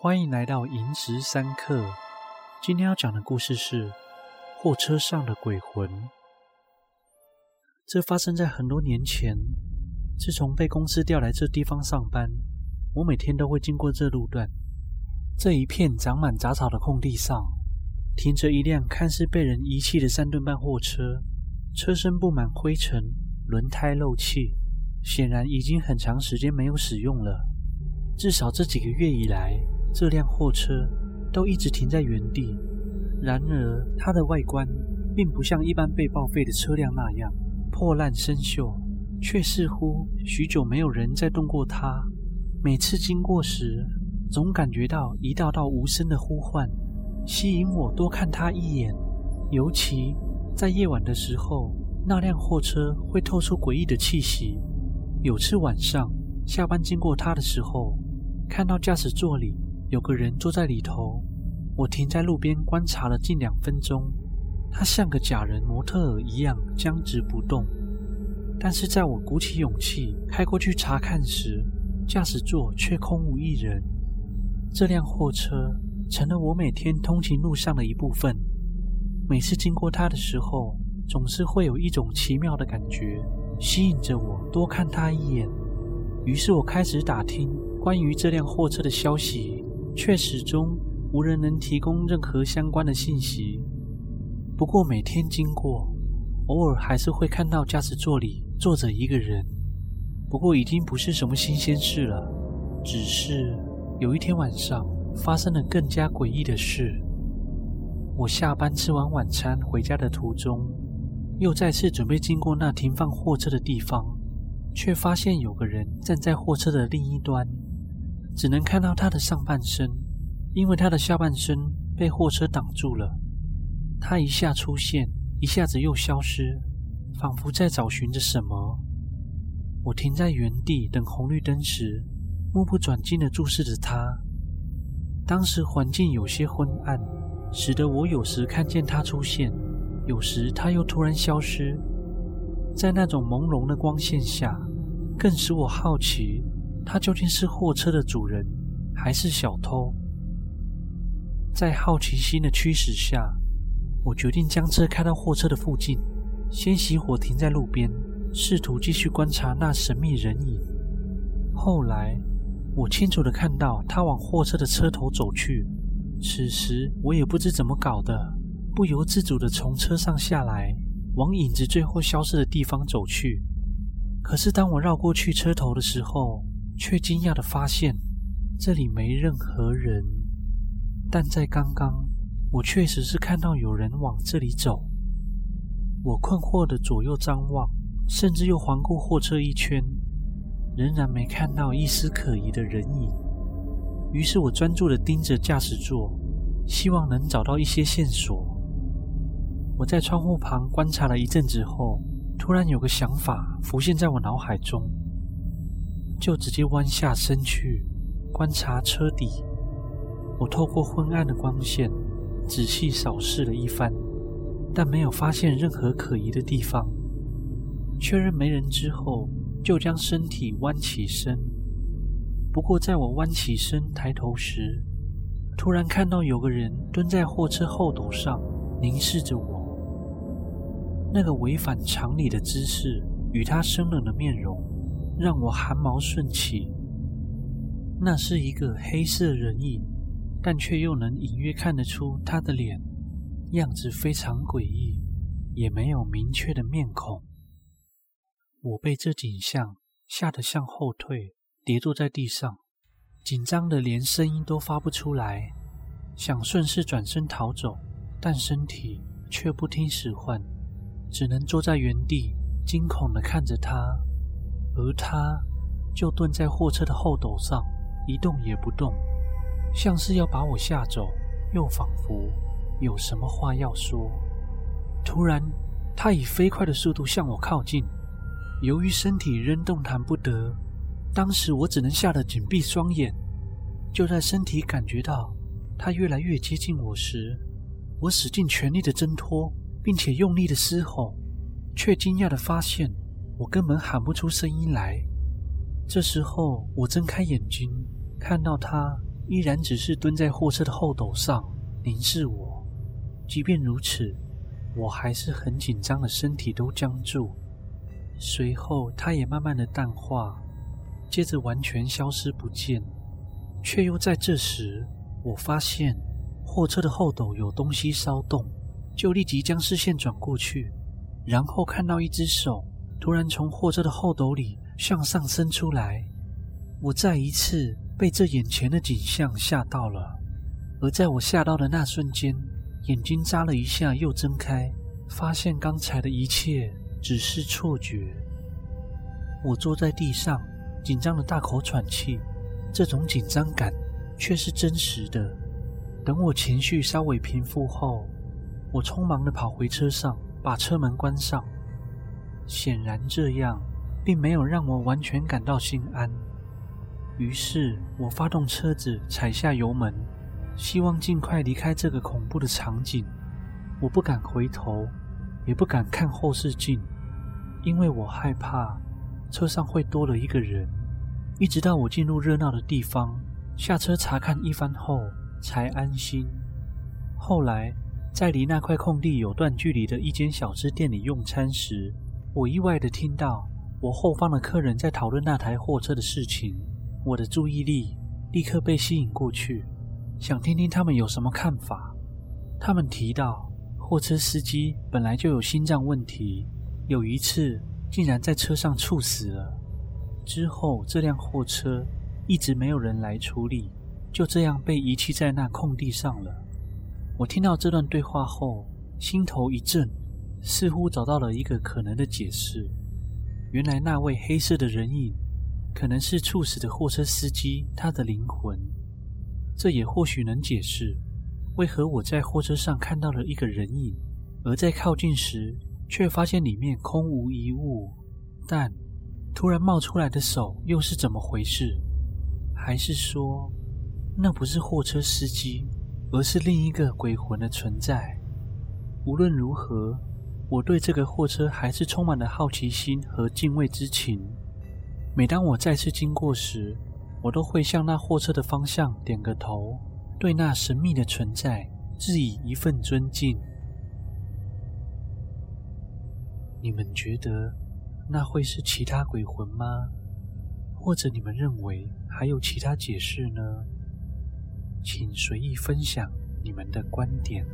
歡迎來到《寅時三刻》。今天要講的故事是貨車上的鬼魂。這發生在很多年前。自從被公司調來這地方上班，我每天都會經過這路段。這一片長滿雜草的空地上，停着一輛看似被人遺棄的三噸半貨車，車身布滿灰塵，輪胎漏氣，顯然已經很長時間沒有使用了。至少這幾個月以來。這輛貨車都一直停在原地，然而它的外觀並不像一般被報廢的車輛那樣破爛生鏽，卻似乎許久沒有人再動過它。每次經過時，總感覺到一道道無聲的呼喚，吸引我多看它一眼。尤其在夜晚的時候，那輛貨車會透出詭異的氣息。有次晚上下班經過它的時候，看到駕駛座裡，有個人坐在裡頭，我停在路邊觀察了近兩分鐘，他像個假人模特兒一樣僵直不動。但是在我鼓起勇氣開過去查看時，駕駛座卻空無一人。這輛貨車成了我每天通勤路上的一部分。每次經過它的時候，總是會有一種奇妙的感覺，吸引着我多看它一眼。於是我開始打聽關於這輛貨車的消息。卻始終無人能提供任何相關的信息。不過每天經過，偶爾還是會看到駕駛座裡坐着一個人。不過已經不是什麼新鮮事了。只是有一天晚上，發生了更加詭異的事。我下班吃完晚餐回家的途中，又再次準備經過那停放貨車的地方，卻發現有個人站在貨車的另一端。只能看到他的上半身，因為他的下半身被貨車擋住了。他一下出現，一下子又消失，仿佛在找尋着什麼。我停在原地等紅綠燈時，目不轉睛地注視着他。當時環境有些昏暗，使得我有時看見他出現，有時他又突然消失。在那種朦朧的光線下，更使我好奇。他究竟是貨車的主人，還是小偷？在好奇心的驅使下，我決定將車開到貨車的附近，先熄火停在路邊，試圖繼續觀察那神秘人影。後來，我清楚地看到他往貨車的車頭走去。此時，我也不知怎麼搞的，不由自主地從車上下來，往影子最後消失的地方走去。可是，當我繞過去車頭的時候，卻驚訝地發現，這裡沒任何人。但在剛剛，我確實是看到有人往這裡走。我困惑地左右張望，甚至又環顧貨車一圈，仍然沒看到一絲可疑的人影。於是我專注地盯着駕駛座，希望能找到一些線索。我在窗戶旁觀察了一陣子後，突然有個想法浮現在我腦海中。就直接彎下身去觀察車底。我透過昏暗的光線仔細掃視了一番，但沒有發現任何可疑的地方。確認沒人之後，就將身體彎起身。不過，在我彎起身抬頭時，突然看到有個人蹲在貨車後斗上，凝視着我。那個違反常理的姿勢，與他生冷的面容。讓我汗毛豎起。那是一個黑色人影，但卻又能隱約看得出他的臉，樣子非常詭異，也沒有明確的面孔。我被這景象嚇得向後退，跌坐在地上，緊張得連聲音都發不出來，想順勢轉身逃走，但身體卻不聽使喚，只能坐在原地，驚恐地看着他。而他就蹲在貨車的後斗上，一動也不動，像是要把我嚇走，又仿佛有什麼話要說。突然，他以飛快的速度向我靠近。由於身體仍動彈不得，當時我只能嚇得緊閉雙眼。就在身體感覺到他越來越接近我時，我使盡全力的掙脫，並且用力的嘶吼，卻驚訝的發現。我根本喊不出聲音來。這時候，我睜開眼睛，看到他依然只是蹲在貨車的後斗上，凝視我。即便如此，我還是很緊張地身體都僵住，隨後，他也慢慢地淡化，接着完全消失不見。卻又在這時，我發現貨車的後斗有東西騷動，就立即將視線轉過去，然後看到一隻手，突然，從貨車的後斗裡向上升出來，我再一次被這眼前的景象嚇到了。而在我嚇到的那瞬間，眼睛眨了一下，又睜開，發現剛才的一切只是錯覺。我坐在地上，緊張的大口喘氣，這種緊張感卻是真實的。等我情緒稍微平復後，我匆忙的跑回車上，把車門關上。顯然這樣並沒有讓我完全感到心安，於是我發動車子，踩下油門，希望盡快離開這個恐怖的場景。我不敢回頭，也不敢看後視鏡，因為我害怕車上會多了一個人。一直到我進入熱鬧的地方，下車查看一番後才安心。後來，在離那塊空地有段距離的一間小吃店裡用餐時，我意外地聽到我後方的客人在討論那台貨車的事情，我的注意力立刻被吸引過去，想聽聽他們有什麼看法。他們提到貨車司機本來就有心臟問題，有一次竟然在車上猝死了，之後這輛貨車一直沒有人來處理，就這樣被遺棄在那空地上了。我聽到這段對話後，心頭一震。似乎找到了一個可能的解釋。原來那位黑色的人影，可能是猝死的貨車司機他的靈魂。這也或許能解釋，為何我在貨車上看到了一個人影，而在靠近時卻發現裡面空無一物。但突然冒出來的手又是怎麼回事？還是說，那不是貨車司機，而是另一個鬼魂的存在？無論如何。我對這個貨車還是充滿了好奇心和敬畏之情。每當我再次經過時，我都會向那貨車的方向點個頭，對那神秘的存在致以一份尊敬。你們覺得那會是其他鬼魂嗎？或者你們認為還有其他解釋呢？請隨意分享你們的觀點。